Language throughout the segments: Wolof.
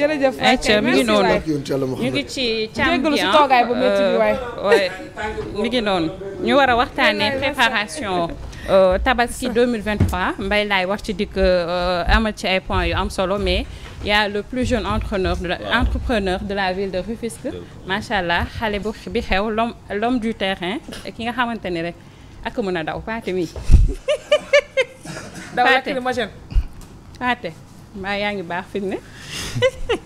jërëjëf eh, ayca mi noonu ñu ngi ci càmm si toogaay bu ah. euh, noonu ñu war a waxtaanee préparation euh, tabaski 2023 mbay laay wax ci dikk euh, amal ci ay points yu am solo mais y a le plus jeune entrepreneur de la entrepreneur de la ville de Rufisque macha allah xale bu bi xew l'homme l'homme du terrain ki nga xamante ni rek ak mën a daw paate mi paate paate maa yaa ngi baax fi mu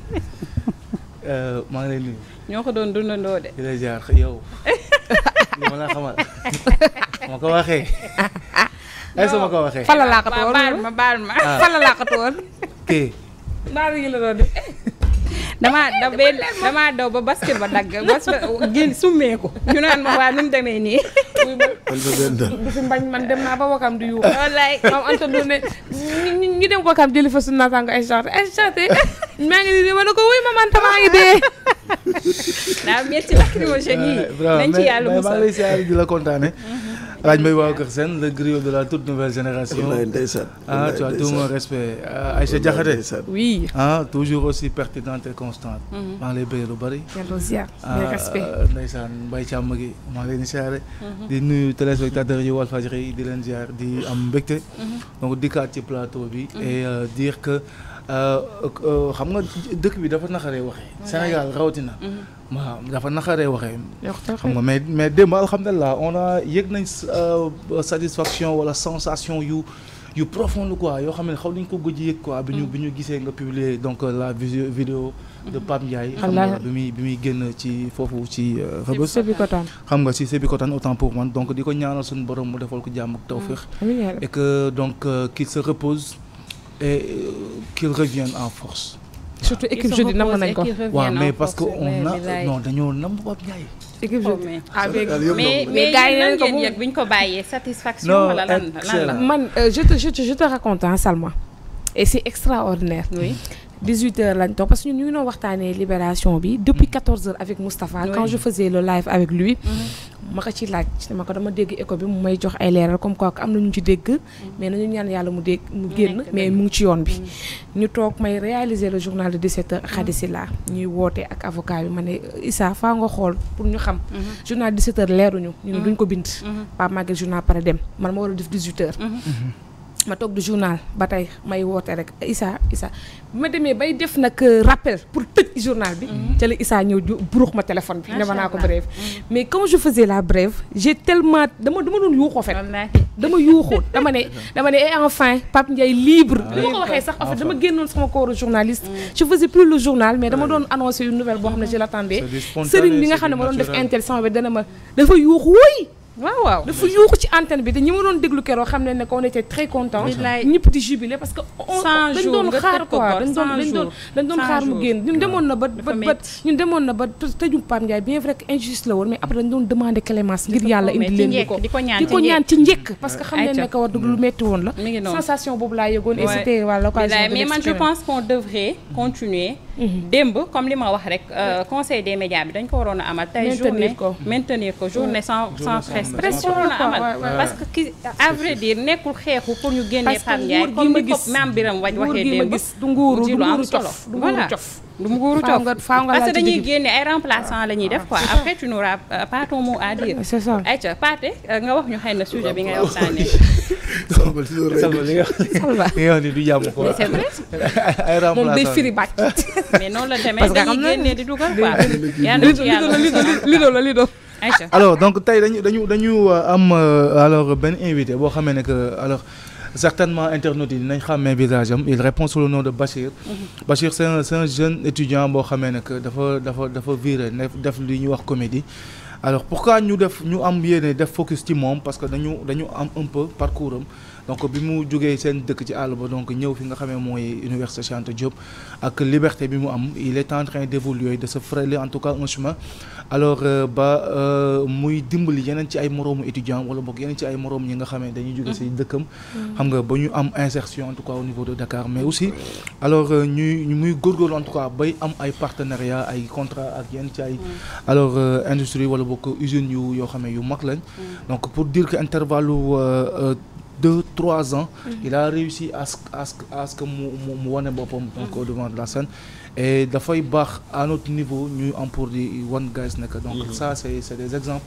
euh, maa ngi lay nuyu. ñoo ko doon dundandoo de. la jaar ma ko waxee. ay ma ko waxee. fa la woon ma ma baal ma. Ah. fa la laaxatu woon. kii. la doon def. damaa daw benn damaa daw ba ba dagg bas génn summee na ñu naan ma nu mu demee nii. du fi mbañ man dem naa ba wakam di yuuxu. wallaay moom Anta du ne ñu ñu dem wakam jëli fa suñu naataango ay chanté ay chanté maa ngi nii ma ne ko wuy ma man maa ngi dee. daa métti lacrymogène yi nañ ci yàlla musal. maa ngi lay siyaare di la kontaane mhm. Alaaji Mbaye Babacar Sène le griot de la toute nouvelle génération. ah tu as tout mon respect. Euh, Aïcha Diakhaté oui ah, toujours aussi pertinente et constante. Mhm. maa ngi lay bari. yàlla ziar ah, respect. ndeysaan Mbaye Thiam gi maa ngi leen di siyaare mhm. di nuyu téléspectateurs yu Walfadjri di leen di am mbégte. Mhm. donc dikkaat ci plateau bi. et euh, dire que. Euh, euh, euh, xam nga dëkk bi dafa naxaree waxee. Sénégal rawatina. waaw mhm. dafa naxaree waxee. xam nga mais mais démb alhamdulilah on a yëg nañ satisfaction wala sensation yu. yu profonde quoi yoo xam ne xaw nañ ko gëj yëg quoi. bi ñu mhm. bi ñu gisee nga publier donc la visio mhm. de Pape Ndiaye. xam nga bi muy bi muy génn ci foofu ci. Rebeuss Sébikotane xam nga si Sébikotane autant pour man donc di ko ñaanal suñu borom mu defal ko jàmm ak tawféex. et donc qu'il se repose. et euh, qu'ils reviennent en force. surtout équipe jeudi nam nañ ko waaw mais parce que on a non dañoo nam Pape Ndiaye. équipe jeudi oh, ah, avec mais mais gars yi nañ ko yëg bi ñu ko bàyyee satisfaction. wala lan lan la man euh, je te je te je te raconte ah Salma et c'est extraordinaire. oui. 18 heures lañ toog parce que ñun ñu ngi doon waxtaanee libération bi depuis 14 mm-hmm. heures avec Moustapha oui. quand je faisais le live avec lui mm-hmm. ma ko ci laaj ma ko dama dégg écho bi mu may jox ay leeral comme quoi am na ñu ci dégg mm-hmm. mais nañu ñaan yàlla mu dégg mu génn mais mu ngi ci yoon bi ñu toog may réaliser le journal de 17 heures Khady Sylla ñuy woote ak avocat bi ma ne Issa faa nga xool pour ñu xam journal 17 heures leeruñu ñu ne duñ ko bind Pape Maguette journal pare dem man ma war a def ma toog du journal ba tey may woote rek Issa Issa bi ma demee bay def nag euh, rappel pour tëj journal bi. Mhm. ca la Issa ñëw buruux ma téléphone bi. ne ma naa ko brève mhm. mais comme je faisais la brève j'ai tellement dama dama doon yuuxoo fet dama yuuxoo dama ne dama ne et eh, enfin Pape Ndiaye libre. li ah, ma ko waxee sax en fait dama génnoon sama kooru journaliste. Mhm. je faisais plus le journal mais dama doon annoncer une nouvelle boo xam ne je l'attendais. sëriñ bi nga xam ne ma doon def intéressant bi dana ma dafa yuuxu waaw waaw dafa yuuxu ci antenne bi te ñi doon déglu keroog xam ne ne ko on très content ñëpp di parce que dañ doon xaar quoi dañ dañ doon dañ doon xaar mu génn ñun demoon na ba ba ba ñun demoon na ba tëju Pape Ndiaye bien vrai que injuste la woon mais après dañ doon demandé clémence ngir yàlla indi leen ko di ko ñaan ci njëkk parce que xam ne ne war dëgg lu metti woon la sensation boobu laa yëgoon et c'était voilà l'occasion mais pression la amal parce que ki à vrai nekkul xeexu pour ñu génnee Pape Ndiaye comme ni ko maam Biram wañ waxee démb du nguuru du nguuru du nguuru cof du nguuru cof parce que dañuy génne ay remplaçant la ñuy def quoi ah, après ah. tu n'auras euh, pas ton mot à euh, nga wax ñu xëy na sujet bi ngay waxtaanee Salma nga wax ni du jàmm quoi c'est vrai dañuy génne di dugal quoi yàlla ci yàlla lido la lido alors donc tey dañu dañu dañu euh, am euh, alors benn invité boo xamee ne que alors certainement internautes yi dinañ xàmmee visage am il répond sous le nom de Bachir. Mm-hmm. Bachir c'est jeune étudiant boo xamee ne dafa dafa dafa dafa nekk def li ñu wax comédie. alors pourquoi ñu def ñu am yéene def focus ci moom parce que dañu dañu am un peu parcours donc bi mu jógee seen dëkk ci àll ba donc ñëw fi nga xamee mooy université Cheikh Anta Diop ak liberté bi mu am il est en train d'évoluer de se frayer en tout cas un chemin alors euh, ba euh, muy dimbali yeneen ci ay moroomu étudiant wala boog yeneen ci ay moroom ñi nga xamee dañuy jóge si mm-hmm. dëkkam mm-hmm. xam nga ba ñu am insertion en tout cas au niveau de Dakar mais aussi alors euh, ñuy muy góorgóorlu en tout cas bay am ay partenariat ay contrat ak yenn ci ay mm-hmm. alors industrie wala boog usines yu yoo xam ne yu mag lañ deux trois ans. Mm-hmm. il a réussi à ce à ce à mu mu wane boppam. donc mm-hmm. au devant de la scène. e dafay baax à notre niveau ñuy am pour di wan gaz nekk donc mm-hmm. ça c'est c'est des exemples.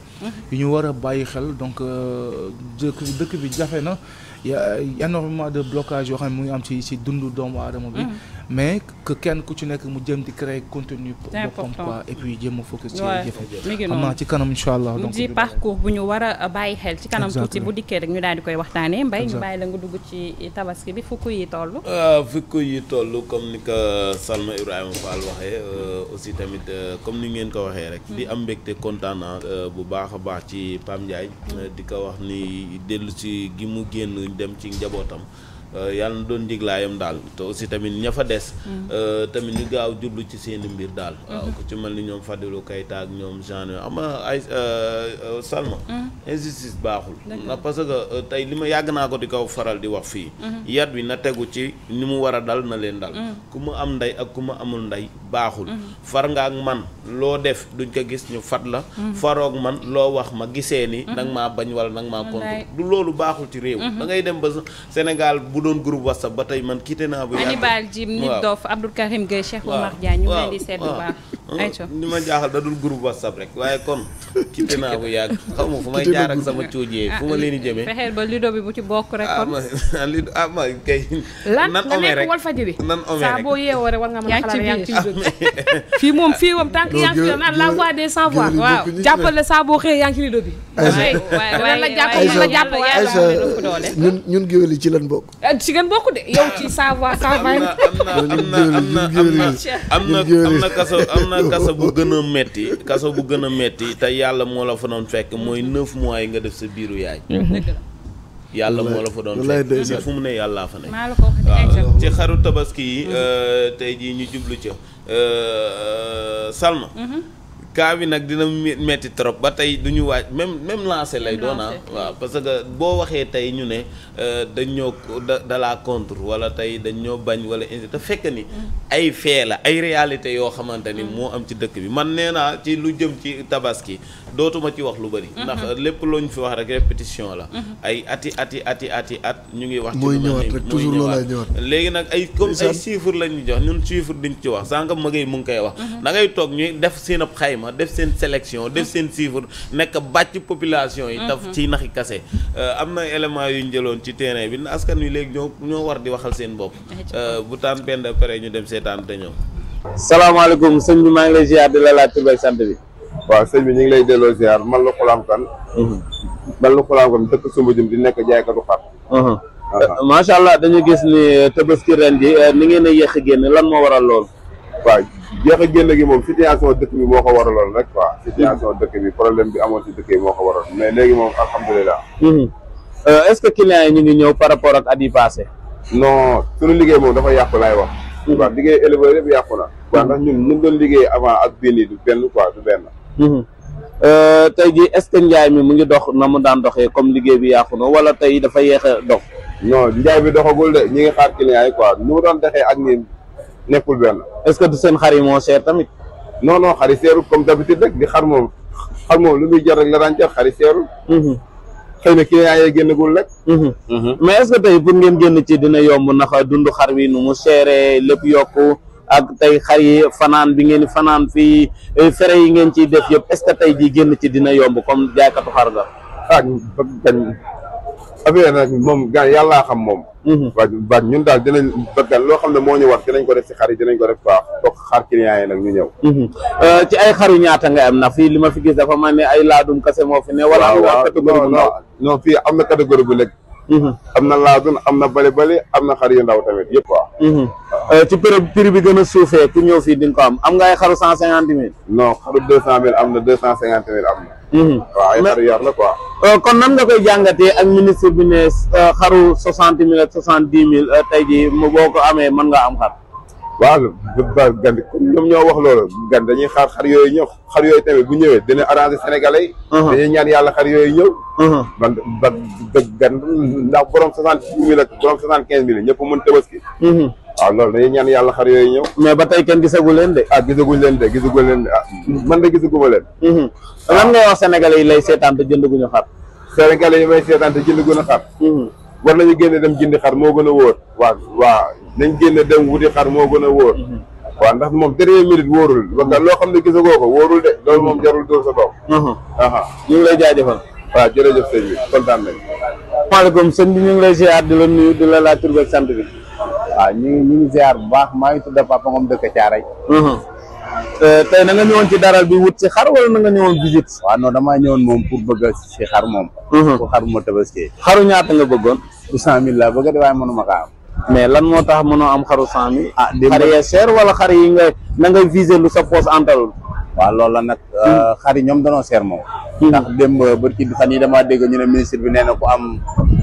yu ñu war a bàyyi xel donc euh, dëkk dëkk bi jafe na. y a énormément de blocage yoo xam ne mu am ci ci dundu doomu aadama bi mm. mais kenn ku ci nekk mu jëm di créer contenu boppam quoi et puis jéem a focus ci jafe xam naa ci kanam incha allah donc di parcours bu ñu war a bàyyi xel ci kanam tuuti bu dikkee rek ñu daal di koy waxtaanee mbay ñu bàyyi la nga dugg ci tabaski bi fukk yi toll ah, fukk yi toll comme ni ko Salma Ibrahima Fall waxee euh, aussi tamit euh, comme ni ngeen ko waxee rek di am mbégte kontaan euh, bu baax a baax ci Pam Ndiaye mm. di ko wax ni dellu ci gi mu génn duñ dem ci njabootam Euh, yàlla na doon njiglaayam daal te aussi tamit ña fa des. Mm. Euh, tamit ñu gaaw jublu ci seen mbir daal. Mm-hmm. waaw ku ci mel ni ñoom Fadilou Keita ak ñoom Jean ama ay euh, Salma. Mm. injustice baaxul. na parce que tey li ma yàgg naa ko di kaw faral di wax fii. Mm-hmm. yat wi na tegu ci ni mu war a dal na leen dal. Mm. ku mu am ndey ak ku mu amul ndey baaxul. Mm-hmm. far nga ak man loo def duñ ko gis ñu fat la. faroog man loo wax ma gisee ni. nag maa bañ wala nag maa contre du loolu baaxul ci réew. bu doon groupe whatsapp ba tey man quitté naa. bu yàgg Hannibal Djim Nit Dof Karim Gueye Cheikh Oumar Diagne ñu leen di seet bu baax. ni ma jaaxal da dul groupe whatsapp rek waaye kon quitté naa bu yàgg xaw ma fu may jaar ak sama coojee fu ma leen di jëmee. fexeel ba Lido bi bu ci bokk rek kon ah ma kay. lan nga nekk Walfadjri nan omee rek saa boo yeewoo rek war nga mën a xalaat yaa ngi ciy jóg fii moom fii moom tant que yaa ngi ciy naan la voix des sans voix waaw jàppale saa boo xëyee yaa ngi ci Lido bi. waaye waaye waaye waaye ñun Eh, ci ngeen bokk de yow ci savoir savoir. am na am na am na kaso bu gën a metti kaso bu gën a metti te yàlla moo la fa doon fekk mooy neuf mois yi nga def sa biiru yaay. Mm-hmm. yàlla moo la fa doon fekk fu mu ne yàllaa fa ne waaw ci xaru tabaski yi euh, tey jii ñu jublu ca euh, Salma. Mm-hmm. cas bi nag dina metti trop ba tey du ñu waaj même même lancé lay doon ah waaw parce que boo waxee tey ñu ne euh, dañ ñoo da dalaa contre wala tey dañ ñoo bañ wala ainsi da fekk ni mm. ay fee la ay réalité yoo xamante ni mm. moo am ci dëkk bi man nee naa ci lu jëm ci tabaski dootuma ci wax lu bëri mm-hmm. ndax lépp loo ñu fi wax rek répétition la mm-hmm. ay ati ati ati ati at ñu ngi wax ci lu mel ni toujours loolu lay ñëwaat léegi nag ay comme ay chiffre lañu jox ñun chiffre duñ ci wax sànq ma ngay mu ngi koy wax mm-hmm. da xayma def seen sélection def seen chiffre nekk bàcc population yi daf mhm. ci naxi kase euh, am na élément yu ñu jëloon ci terrain bi askan wi léegi ñoo war di waxal seen bopp euh, bu taan penda pare ñu dem seetaan te ñëw salaamaaleykum sëñ bi maa ngi lay ziar di la laaj tur beeg sant bi waaw sëñ bi ñu ngi lay delloo ziar man la xulaam kan mhm. man la xulaam kan dëkk Soumbédioune di nekk jaaykatu xar mhm. euh, macha allah dañu gis ni tabaski ren ji ni ngeen a yéex a génn lan moo waral lool jeex a génn gi moom situation dëkk bi moo ko waraloon rek quoi hmm. situation dëkk bi problème bi amoon si dëkk bi moo ko waraloon mais léegi moom alhamdulilah hmm. euh, est-ce que clients yi ñu ngi ñëw par rapport ak at yi passé non suñu liggéey moom dafa yàqu laay wax hmm. waaw liggéey éleveur yëpp yàqu na waaw ndax ñun ñu doon liggéey avant ak bii nii du benn quoi du benn euh, tey jii est-ce que njaay mi mu ngi dox na mu daan doxee comme liggéey bi yàqu na wala tey dafa yéex a dox non bi doxagul ñi ngi xaar clients yi quoi nu mu doon doxee ak ñun nekkul benn. est-ce que seen xar yi moo seer tamit. non non xar yi seerul comme d'habitude rek di xar moom xar moom lu muy jar rek la daan jar xar yi seerul. Mm-hmm. xëy na kii yaa ngi génnagul mm-hmm. Mm-hmm. mais est tey pour ngeen génn ci dina yomb naxa dund xar wi nu mu seeree lép yokku ak tey xar yi fanaan bi ngeen fanaan fii eh, fere yi ngeen ciy def yëpp est-ce que tey jii génn ci dina yomb comme jaaykatu xar nga. ah affaire nag moom gars yàllaa xam moom waaj mhm. ñun daal dinañ baggal loo xam ne moo ñu war dinañ ko def si xar yi dinañ ko def baax toog xar clients yi nag ñu ñëw mhm. euh, ci ay xaru ñaata nga am na fii li ma fi gis dafa mel ne ay laadum kase moo fi ne wala am na catégorie bu lekk Mhm. am na laadun am na bale bale am na xar yu ndaw tamit yëpp waaw mhm. eh, ci prix piri bi gën a suufee ku ñëw fii di ko am am nga ay xaru cent cinquante mille non xaru deux cent mille am na deux cent cinquante mille am na mhm. waaw ay xaru yar la quoi euh, kon nan nga koy jàngatee ak ministre bi ne euh, xaru soixante mille ak soixante dix mille euh, tey jii mu boo ko amee mën ngaa am xar waaw gand comme ñoo wax loolu gan dañuy xaar xar yooyu ñëw xar yooyu bu ñëwee dina arrangé sénégalais yi uh-huh. dañuy ñaan yàlla xar yooyu ñëw man uh-huh. ba gan ndax borom soixante six mille ak borom soixante quinze mille ñëpp mën tabaski uh-huh. waaw loolu dañuy ñaan yàlla xar yooyu ñëw mais ba tey kenn gisagu leen de ah gisaguñ leen de gisagu leen de ah man de gisaguma leen ah. lan ngay wax sénégalais yi lay seetaan te jëndaguñu xar sénégalais yi may seetaan te jëndaguñu xar war nañu génne dem jëndi xar moo gën a wóor waa waa nañ génn dem wuti xar moo gën a wóor mhm. waaw ndax moom dernière minute wóorul mhm. parce que loo xam ne gisagoo ko wóorul de loolu moom jarul dóor sa kaw mhm. aa ñu ngi lay jaajëfal waaw jërëjëf di la nuyu di la laaj tur sant bi waaw ñu ñu ngi bu baax maa ngi tudd Papa Ngom dëkk Thiaray euh, tey na nga ñëwoon ci daral bi wut si xar wala na nga ñëwoon visite waaw non damaa ñëwoon moom pour bëgg a xar moom pour nga bëggoon deux cent mille laa mënuma kaa mais lan moo tax mënoo am xaru cent mille ah xar yee cher wala xar yi nga na nga viser lu sa poos antalul waaw loolu la nag euh, hmm. xar ñoom danoo seer moom hmm. ndax démb euh, bër ci fan yi damaa dégg ñu ne ministre bi nee na ku am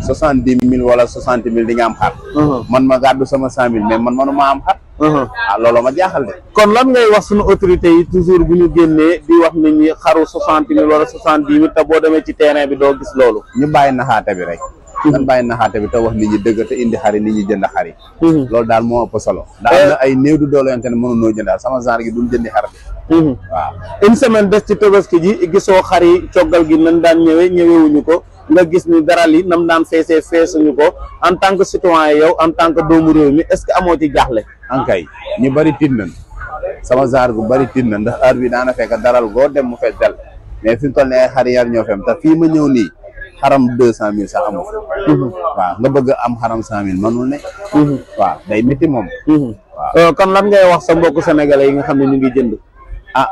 soixante dix mille wala soixante mille di nga am xar uh-huh. man ma gàddu sama cent mille mais man manuma am xar uh-huh. ah ma jaaxal de kon lan ngay wax suñu autorité yi toujours bu ñu génnee di wax nit ñi xaru soixante mille wala soixante dix mille te boo demee ci terrain bi doo gis loolu ñu bàyyi naxaate bi rek dan bàyyi naxaate bi te wax nit ñi dëgg te indi xari nit ñi jënd xari mhm. loolu daal moo ëpp solo ndax eh. am na ay néew du doole yonte ne mënunoo jëndaal sama genre gi duñ jëndi xar bi mhm. waaw une semaine des ci tabaski ji gisoo xari coggal gi nan daan ñëwee ñëwewuñu ko nga gis ni dara li nam daan feesee feesuñu ko en tant que citoyen yow en tant que doomu réew mi est ce que amoo ci jaaxle yi ñu bëri tiit nañ sama genre gu bëri tiit nañ ndax heure bi daana fekk daral goo dem mu fees mais fi mu toll ne ay ñoo fem te fii ma ñëw nii xaram deux cent mille sax amul mm-hmm. waaw nga bëgg am xaram cent mille mënul ne mm-hmm. waaw day métti moom mm-hmm. waaw euh, kon lan ngay wax sa mbokku sénégalais yi nga xam ne ñu ngi jënd ah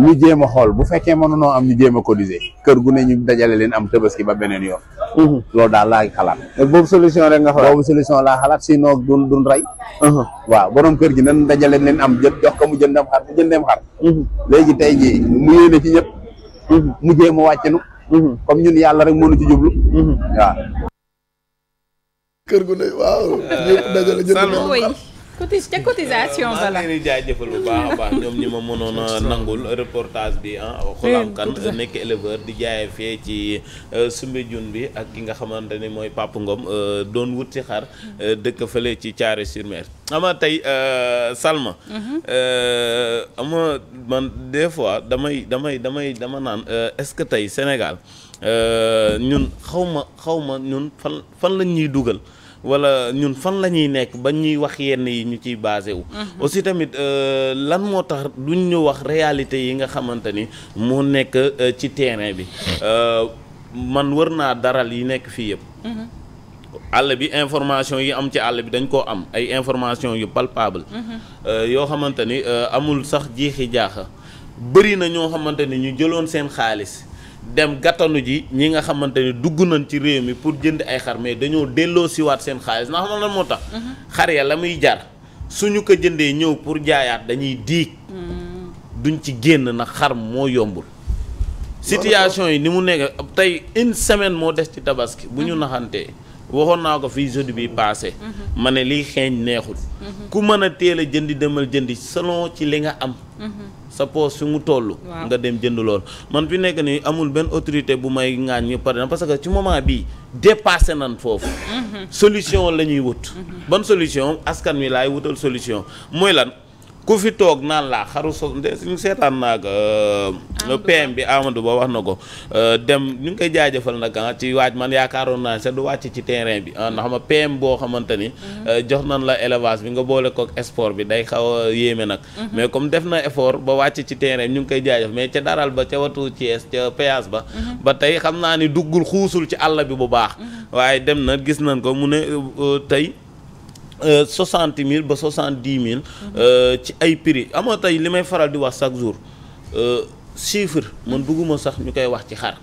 ñu jéem a xool bu fekkee noo am ñu jéem a cotiser kër gu ne ñu dajale leen am tabaski ba beneen yoon loolu daal laay xalaat boobu solution rek nga xalaat boobu solution laa xalaat sinon dun dun rey waaw borom kër gi nan dajale leen am jë jox ko mu jëndam xar mu jëndam xar léegi tey ji mu yéene ci ñëpp a Mm-hmm. comme ñun yàlla rek moo ñu ci jublu. Mm-hmm. waaw. kër gu ne waaw. ñëpp dajale jënd cotis ca cotisation euh, ba la jaajëfal bu baax a baax ñoom ñi ma mënoon a nangul reportage bi ah xulaam eh, nekk éleveur di jaayee fee ci euh, Soumbédioune bi ak ki nga xamante ni mooy Pape Ngom euh, doon wuti xar dëkk fële ci thiaroye sur ama tey Salma mhm. ama man des fois damay damay damay dama naan est-ce que tey Sénégal ñun xawma xawma xaw ñun fan fan lañ ñuy dugal wala ñun fan la ñuy nekk ba ñuy wax yenn yi ñu ciy basé wu. Mhm. aussi tamit euh, lan moo tax duñ ñu wax réalité yi nga xamante ni moo nekk euh, ci terrain bi euh, man wër naa daral yi nekk fii yëpp. Mhm. àll bi information yi am ci àll bi dañ koo am ay information yu palpable mhm. yoo xamante ni amul sax jiixi jaaxa bëri na ñoo xamante ni ñu jëloon seen xaalis dem gàttanu ji ñi nga xamante ni dugg nañ ci réew mi pour jënd ay xar mais dañoo delloo siwaat seen xaalis ndax ma lan moo tax mhm. xar ya la muy jar suñu ko jëndee ñëw pour jaayaat dañuy diig mhm. duñ ci génn nag xar moo yombul situation yi ni mu nekk tey une semaine moo des ci tabaski bu ñu mhm. naxantee waxoon naa ko fi jeudi bi passé mhm. ma ne liy xeeñ neexul mhm. ku mën a teel a jëndi demal jëndi selon ci li nga am mhm. sa poos fi mu toll nga dem jënd lool man fi nekk ni amul benn autorité bu may ŋaañ ñu pare na parce que ci moment bii dépassé nan foofu solution la ñuy wut ban solution askan wi laay wutal solution mooy lan ku fi toog naan laa xaru so ñu seetaan naa ko PM bi Amadou Ba wax na ko euh, dem ñu ngi koy jaajëfal nag ah, ci waaj man yaakaaroon naa sax du wàcc ci terrain bi ah, ndax ma nga PM boo xamante ni mhm. euh, jox nañ la élevage bi nga boole kook sport bi day xaw a yéeme nag mhm. mais comme def na effort ba wàcc ci terrain bi ñu ngi koy jaajëf mais ca daral ba ca watu Thiès ca péage ba mhm. ba tey xam naa ni duggul xuusul ci àll bi bu baax waaye dem na gis nañ ko mu ne euh, tey Euh, soixante mille ba soixante dix mille. Euh, ci ay prix amoo tey li may faral di wax chaque jour euh, chiffre man bëgguma sax ñu koy wax ci xar.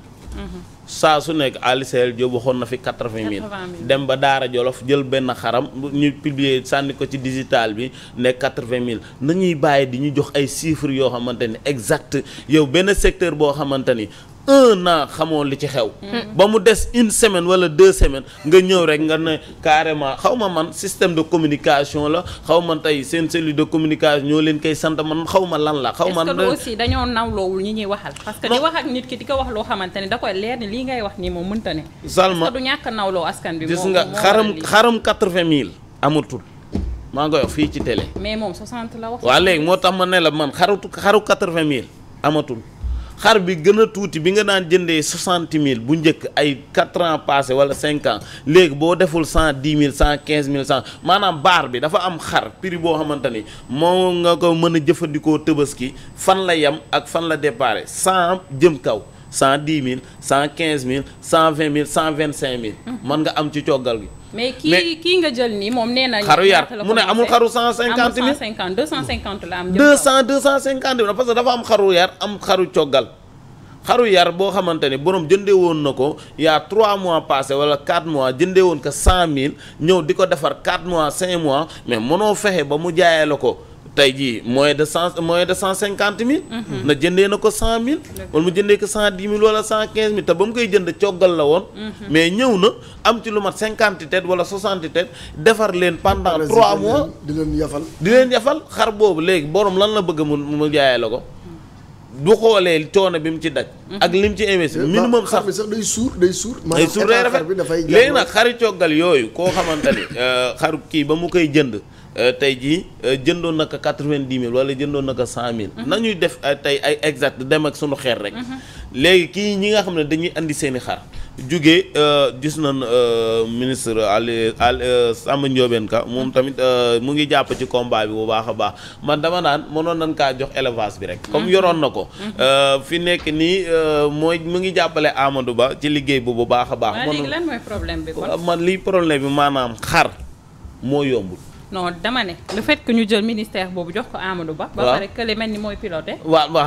saa su nekk Aliseel Diop waxoon na fi quatre vingt mille dem ba Daara Jolof jël benn xaram ñu publier sànni ko ci digital bi ne quatre vingt mille nañuy bàyyi di ñu jox ay chiffres yoo xamante ni exact yow benn secteur boo xamante ni un an xamoon li ci xew. Mm. ba mu des une semaine wala deux semaine nga ñëw rek nga ne carrément xaw ma man système de communication la xaw ma tey seen cellule de communication ñoo leen koy sant man xaw ma lan la. xaw ma est-ce dañoo nawloowul ñi ñuy waxal. parce que di wax ak nit di ko wax loo xamante ne da koy leer ni ngay wax nii moom mënta ne. Salma du ñàkk nawloo askan bi. gis nga xaram xaram quatre-vingt mille amatul. maa ngi koy fii ci télé. mais moom 60 la wax. waaw léegi moo tax ma ne la man xaru xaru quatre-vingt mille amatul. xar bi gën a tuuti bi nga daan jëndee soixante mille bu njëkk ay quatre ans passé wala cinq ans léegi boo deful cent dix mille cent quinze mille cent maanaam baar bi dafa am xar prix boo xamante ni moo nga ko mën a jëfandikoo Tabaski fan la yem ak fan la départ cent jëm kaw cent dix mille cent quinze mille cent vingt mille cent vingt cinq mille. mën nga am ci coggal gi. mais kii kii nga jël nii moom nee nañu. xaru yar mu ne amul xaru cent cinquante mille cent cinquante deux cent cinquante la am. deux cent deux cent cinquante mille parce que dafa am xaru yar am xaru coggal. xaru boo xamante ne borom jëndee woon na ko y'a trois mois passé wala quatre mois jëndee woon ko cent mille ñëw di ko defar quatre mois cinq mois mais mënoo fexe ba mu jaayee la ko. tey jii moins de cent moins de cent cinquante mille mhm. na jëndee na ko cent mille wala mu jëndee ko cent dix mille wala cent quinze mille te ba mu koy jënd coggal la woon mhm. mais ñëw na am ci lu mat cinquante tête wala soixante tête defar leen pendant trois mois di leen yafal di leen yafal xar boobu léegi borom lan la bëgg mu mu jaayee la ko du xoolee coono bi mu ci daj. Mhm. ak li mu ci investi minimum sax sax day suur day suur. day suur day rafet léegi nag xari coggal yooyu koo xamante ni euh, xaru kii ba mu koy jënd. Euh, tey jii euh, jëndoon na quatre-vingt-dix mille wala jëndoon na ko cent mille. Mhm. nañuy def euh, tey ay exact dem ak sunu xeer rek. Mhm. léegi kii ñi nga xam ne dañuy andi seen i xar. jugee gis nañ ministre Ali Ali Samba Ndiobène Ka moom mhm. tamit mu ngi jàpp ci combat bi bu baax a baax man dama naan mënoon nañ kaa jox élevage bi rek. comme yoroon na ko. fi nekk nii mooy mu ngi jàppale Amadou Ba ci liggéey bi bu baax a baax. man léegi lan mooy problème bi kon. problème bi maanaam xar moo yombul. non dama ne le fait que ñu jël ministère boobu jox ko Amadou Ba. ba pare que li mel ni mooy piloté. waaw ma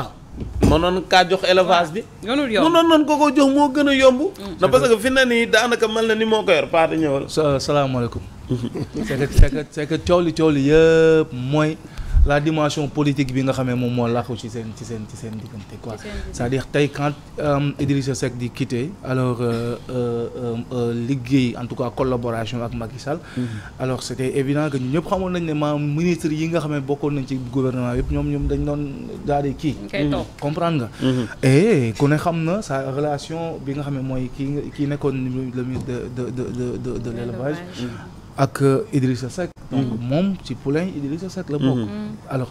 mënoon kaa jox élevage bi. yoonul yomb mënoon noonu ko ko jox moo gën a yomb. Mm. na parce que fi na nii daanaka mel na ni moo ko yor Paa di ñëwal. salaamaaleykum. c'est que c'est que c'est que coow li coow li yëpp mooy. la dimension politique bi nga xamee moom moo làqu ci seen ci seen ci seen diggante quoi c'est-à-dire tey quand euh, Idrissa Seck di quitté alors euh, euh, liggéey en tout cas collaboration ak Macky Sall mm-hmm. alors c'était évident que ñu ñëpp xamoon nañ ne maam ministre yi nga xamee bokkoon nañ ci gouvernement yëpp ñoom ñoom dañ doon daal di kii mm-hmm. comprendre nga mm-hmm. et ku ne xam na sa relation bi nga xamee mooy kii kii nekkoon le ministre de de de de de l'élevage ak Idrissa Seck donc mhm. moom ci poulain Idrissa Seck la bokk mhm. Mhm. alors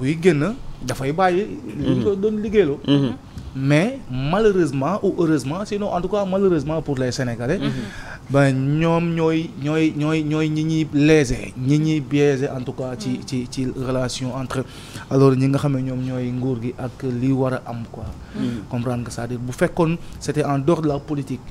buy génn dafay bàyyi li ñu ko doon liggéeyloo mais malheureusement ou heureusement sinon en tout cas malheureusement pour les Sénégalais ben ñoom ñooy ñooy ñooy ñooy ñi ñuy lésé ñi ñuy biaisé en tout cas ci ci ci relation entre alors ñi nga xam ne ñoom ñooy nguur gi ak li war a am quoi comprendre que cest à bu fekkoon c'était en dehors la politique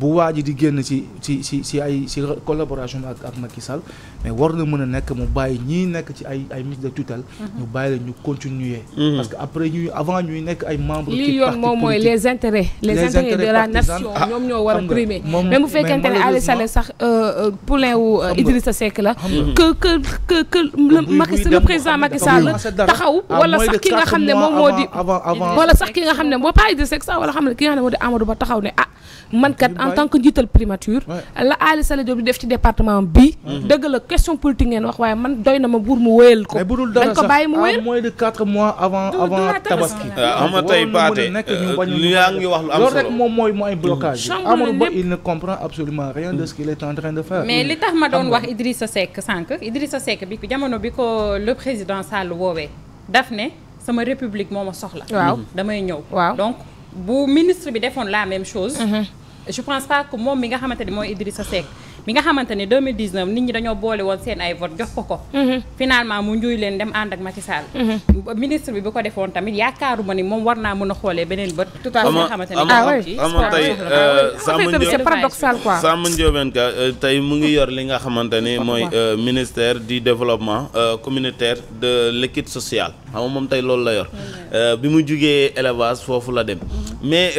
bu waa ji di génn ci ci ci ci ay ci collaboration ak ak Macky Sall mais war na mën a nekk mu bàyyi ñii nekk ci ay ay ministre de tutelle. Mhm. ñu bàyyi la continuer. Mhm. parce que après ñuy avant ñuy nekk ay membre lii yoon moom mooy les intérêts. les intérêts de la nation ah, ñoom ñoo war a primer. moom bu fekkente ne Aliou Sall sax euh, euh, poulain wu Idrissa Seck la. que que que que le président Macky Sall taxaw. wala sax ki nga xam ne moom moo di. wala sax ki nga xam ne boo pas Idrissa Seck sax wala xam ne ki nga xam ne moo di Amadou Ba taxaw ne ah man kat. en tant que njiital primature la Aly Saleh Diop di def ci département bi mm-hmm. mm-hmm. dëgg la question politique ngeen wax waaye man doy na ma buur mu wéyal ko dañ ko bàyyi mu wéyal moins de quatre mois avant tabaski ah, na tey euh, baate li yaa ngi wax lu am solo loolu mais li tax ma doon wax Idrissa Seck sànq Idrissa Seck bi jamono bi ko le président Sall woowee daf ne sama république moo ma soxla waaw damay ñëw waaw donc bu ministre bi defoon la même chose mm-hmm. je pense pas que moom mi nga xamante ni mooy Idrissa Seck bi nga xamante ne 2019 nit ñi dañoo boole woon seen ay vote jox ko ko mhm. finalement mu njuy leen dem ànd ak Macky Sall mhm. ministre bi bu ko defoon tamit yaakaaruma ni moom war naa mën a xoole beneen bët tout à fait nga xamante ne ama tey euh, c'est paradoxal quoi Ka euh, tey mu ngi yor li nga xamante ni mooy euh, ministère di développement communautaire de l'équité sociale xam nga moom tey loolu la yor bi mu jugee élevage foofu la dem mhm. mais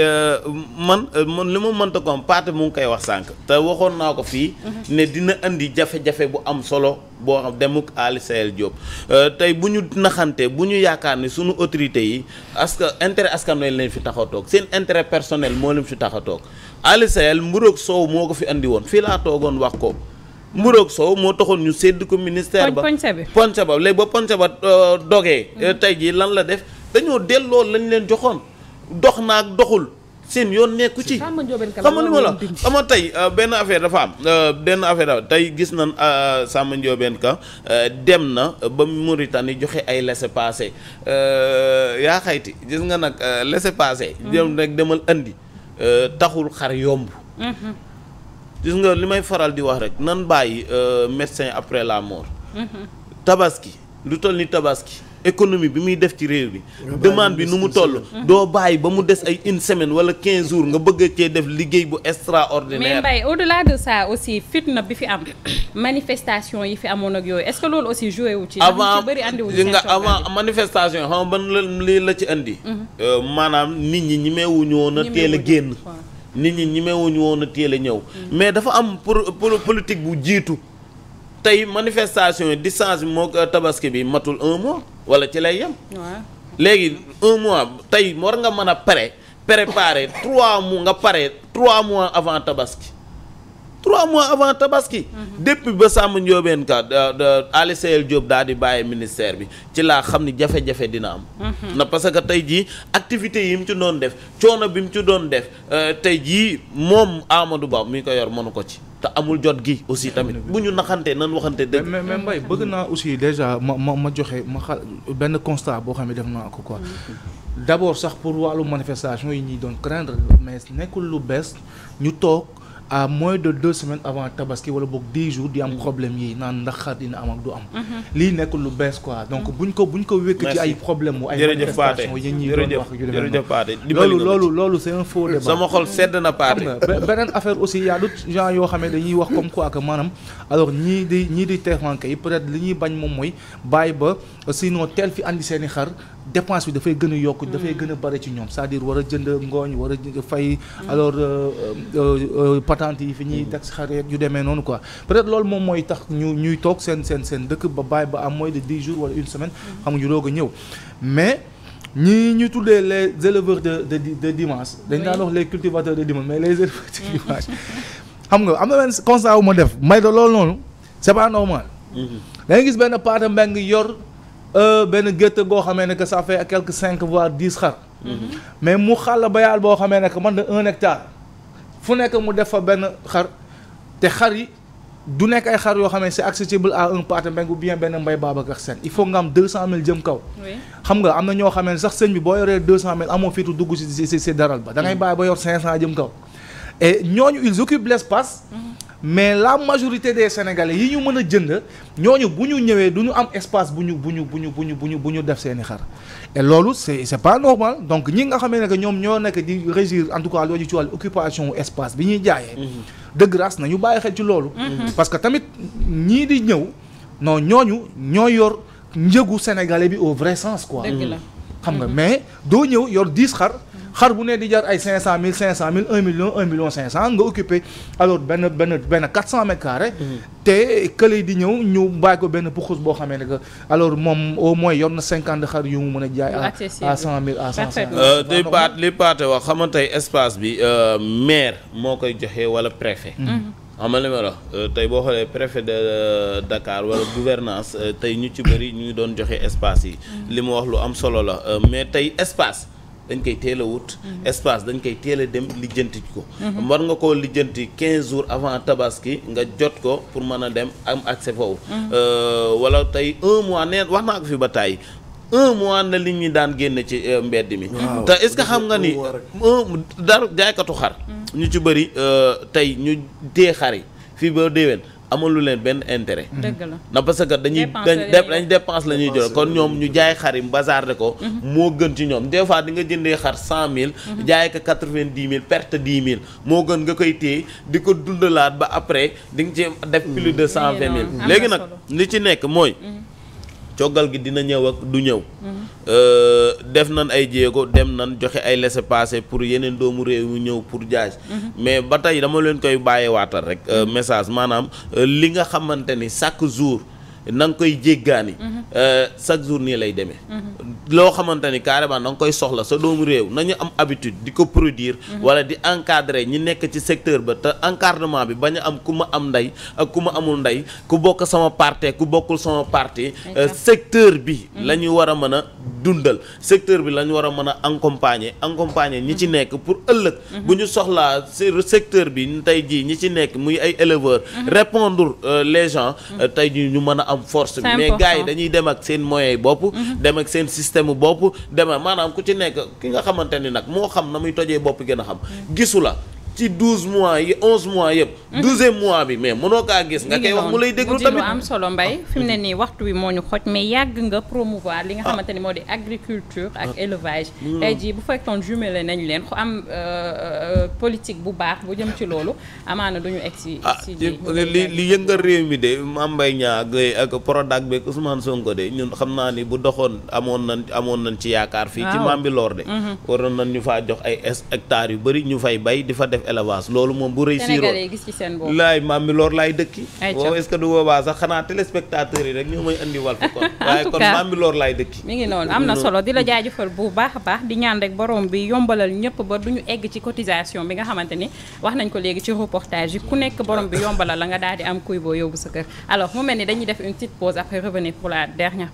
man man li ma mënta ko am parti mu ngi koy wax sànq te waxoon naa ko fii yi. ne dina indi jafe-jafe bu am solo boo xam demuk Aly Sael Diop. Euh, tey bu ñu naxante bu ñu yaakaar ne sunu autorités yi askan intérêt askan wi leen fi taxatoog seen intérêt personnel moo leen fi taxatoog a toog Aly mburoog soow moo ko fi indi woon fii laa toogoon wax ko. mburoog soow moo taxoon ñu sédd ko ministère ba ponce bi ponce ba léegi ba ponce ba euh, dogee. Mm-hmm. Euh, tey jii lan la def dañoo delloo lañ leen joxoon dox naag doxul. seen yoon nekku ci. xam ka ni ma la xam nga tey euh, benn affaire dafa am. Euh, benn affaire dafa tey gis nañ euh, sàmm Ndiobène Ka dem na ba mu Mauritanie joxe ay laissez-passer yaa xayti gis nga nag laissez-passer. dem mm. rek demal andi taxul xar yomb. Mm-hmm. gis nga li may faral di wax rek nan bàyyi médecin après la mort. Mm-hmm. tabaski lu toll ni tabaski. économie bi muy def ci réew bi demande bi nu mu toll doo bàyyi ba mu des ay une semaine wala quinze jours nga bëgg cee def liggéey bu extraordinaire mais Mbaye au delà de ça aussi fitna bi fi am manifestation yi fi amoon ak yooyu est ce que loolu aussi joué wu ci avant bëri andiwul nga avant manifestation yi xam ban lii la ci andi mhm. euh, maanaam nit ñi ñi meewuñu woon a teel a génn nit ñi ñi meewuñu woon a teel a ñëw mhm. mais dafa am pour politique bu jiitu tey manifestation yi distance bi moo tabaski bi matul un mois wala ci lay yem. léegi un mois tey war nga mën a pare préparer trois mois nga pare trois mois avant tabaski trois mois avant tabaski. Mhm. depuis ba sàmm Ndiobène Ka Aly Seyel Diop daal di bàyyi ministère bi ci laa xam ni jafe-jafe dina am. Mhm. na parce que tey jii activités yi mu ci doon def coono bi mu ci doon def euh, tey jii moom Amadou Ba mi ko yor mënu ko ci. te amul jot gi aussi tamit bu ñu naxante nan waxante dëgg mais mais Mbaye bëgg naa aussi déjà ma ma ma joxe ma xal benn constat boo xam ne def naa ko quoi d'abord sax pour wàllu manifestation yi ñuy doon craindre mais nekkul lu bees ñu toog à moins de deux semaines avant tabaski wala boog dix jours di am mm-hmm. problème yi naan ndax xar dina am ak du am. Mm-hmm. lii nekk lu bees quoi donc mm-hmm. buñ ko buñ ko wékk ci ay problème wu ay manifestations yi ñuy doon wax yu demee loolu loolu loolu c'est sedd na beneen affaire aussi y a d'autres yoo xam ne dañuy wax comme quoi que maanaam alors ñii di ñii di teefanke yi peut-être li ñuy bañ moom mooy bàyyi ba sinon teel fi andi seen i xar. dépense bi dafay gën a yokk hmm. dafay gën a bare ci ñoom cest à war a jënd ngooñ war a fay hmm. alors euh, euh, euh, yi fi ñuy hmm. tax xareet yu demee noonu quoi peut-être loolu moom mooy tax ñu ñuy toog seen seen seen dëkk ba bàyyi ba am mooy de dix jours wala une semaine xamuñu doog a ñëw mais ñi ñu tuddee les éleveurs de de de dimanche dañ daan wax les cultivateurs de dimanche mais les éleveurs dimanche xam nga am na benn constat wu ma def may da loolu noonu c'est pas normal da gis benn paata mbeng yor Euh, benn gétt goo xamee ne que ça fait quelque cinq voire dix xar. Mhm. mais mu la bayaal boo xamee ne man na un hectare. fu nekk mu def fa benn xar te xar yi du nekk ay xar yoo xam ne c'est accessible à un Pathé Mbengue ou bien benn Mbaye Babacar Sène il faut nga am deux cent mille jëm kaw. xam nga am na ñoo xam ne sax sëñ bi boo yoree deux cent mille amoo fitu dugg si si si daral ba. da mhm. bàyyi ba yor cinq cent jëm kaw. et ñooñu ils occupent l'espace. Mhm. mais la majorité des sénégalais yi ñu mën a jënd ñooñu bu ñu ñëwee du ñu am espace bu ñu bu ñu bu ñu bu ñu bu ñu bu ñu def seeni xar et loolu c'est c'est pas normal donc ñi nga xamee ne que ñoom ñoo nekk di régir en tout cas loolu ci wàllu occupation wu espace bi ñuy jaayee. Mm-hmm. de grâce nañu bàyyi xel ci loolu. Mm-hmm. parce que tamit ñii di ñëw non ñooñu ñoo yor njëgu sénégalais bi au vrai sens quoi. dëgg xam nga mm-hmm. mais doo ñëw yor dix xar. xar bu ne di jar ay cinq cent mille cinq cent mille un million un million cinq cent nga occupé alors benn benn benn quatre cent car carrés mhm. te kële di ñëw ñu bàyyi ko benn puxus boo xamee ne alors moom au moins yor na cinquante xar yu mu mën a jaay à cent mille à cent cinq euh, di paat li paate wax xamantey espace bi euh, maire moo koy joxe wala préfet mhm. amal la euh, tey boo xoolee préfet de Dakar wala gouvernance tey ñu ci bëri ñu ngi doon joxe espace yi mhm. li mu wax lu am solo la mais tey espace dañ koy teel a wut mhm. espace dañ koy teel a dem lijjanti ko mhm. war nga koo lijjanti quinze jours avant tabaski nga jot ko pour mën a dem am accès foofu mhm. euh, wala tey un mois neen wax naa ko fi ba tàyyi un mois na li ñu daan génn ci euh, mbedd mi te est-ce que xam nga ni un dara jaaykatu xar ñu ci bëri euh, tey ñu dee xar yi fii ba déwén amalu leen benn intérêt. dëgg la mm-hmm. na parce que dañuy dañ dépense la ñuy jël kon ñoom ñu jaay xar yi bazarde ko. Mm-hmm. moo gën ci ñoom des fois di nga jëndee xar cent mille. Mm-hmm. jaaye ko quatre vingt dix mille perte dix mille moo gën nga koy téye di ko dundalaat ba après di nga ci def plus de cent vingt mille léegi nag li ci nekk mooy. coggal gi dina ñëw ak du ñëw. Euh, def na ay jéego dem na joxe ay laissez-passer pour yeneen doomu réew yu ñëw pour jaaj. mais ba tey dama leen koy bàyyiwaatal rek euh, message maanaam euh, li nga xamante ni chaque jour. nanga nga koy jéggaani. Mhm. Euh, chaque jour nii lay demee. Mhm. loo xamante ni carrément na koy soxla sa doomu réew nañu am habitude di ko produire. Mhm. wala di encadrer ñi nekk ci secteur ba te encadrement bi bañ a am ku ma am ndey ak ku ma amul ndey ku bokk sama parti ku bokkul sama parti. Euh, secteur bi la ñu war a mën a dundal secteur bi lañu ñu war a mën a accompagner accompagner ñi ci nekk pour ëllëg. bu ñu soxlaa secteur bi tey jii ñi ci nekk muy ay éleveurs. répondre euh, les tey am force bi mais gars yi dañuy dem ak seen moyens yi bopp mhm. dem ak seen système u bopp dem ak maanaam ku ci nekk ki nga xamante ni nag moo xam na muy tojee bopp gën a xam mhm. gisu la ci douze mois yi onze mois yëpp. Mhm. douzième mois bi mais mënoo kaa gis. nga koy wax mu lay déglu tamit am solo mbay ah. fi mu ne nii waxtu wi moo ñu xoj mais yàgg nga promouvoir li nga ah. xamante ni moo di agriculture ak ah. élevage. Mm. tey jii bu fekkoon jumelé nañ leen ku am euh, euh, politique bu baax bu jëm ci loolu amaana duñu egg si. si li li yëngal réew mi de Mame Mbaye Niang ak Prodac beeg Ousmane Sonko de ñun xam naa ni bu doxoon amoon nañ amoon nañ ci yaakaar. fii ci Bambilor de. Mhm. waroon nañ ñu jox ay yu bëri ñu fay bay di fa def def élevage loolu moom bu réussir laay maam mi loor laay dëkki boobu est-ce que du boobaa sax xanaa téléspectateurs yi rek ñoo may andi wàll kon waaye laay dëkki mi ngi noonu am na solo di la jaajëfal bu baax a baax di ñaan rek borom bi yombalal ñëpp ba du ñu egg ci cotisation bi nga xamante ni wax nañ ko léegi ci reportage yi ku nekk borom bi yombalal la nga daal di am kuy boo yóbbu sa kër alors mu mel ni dañuy def une petite pause après revenir pour la dernière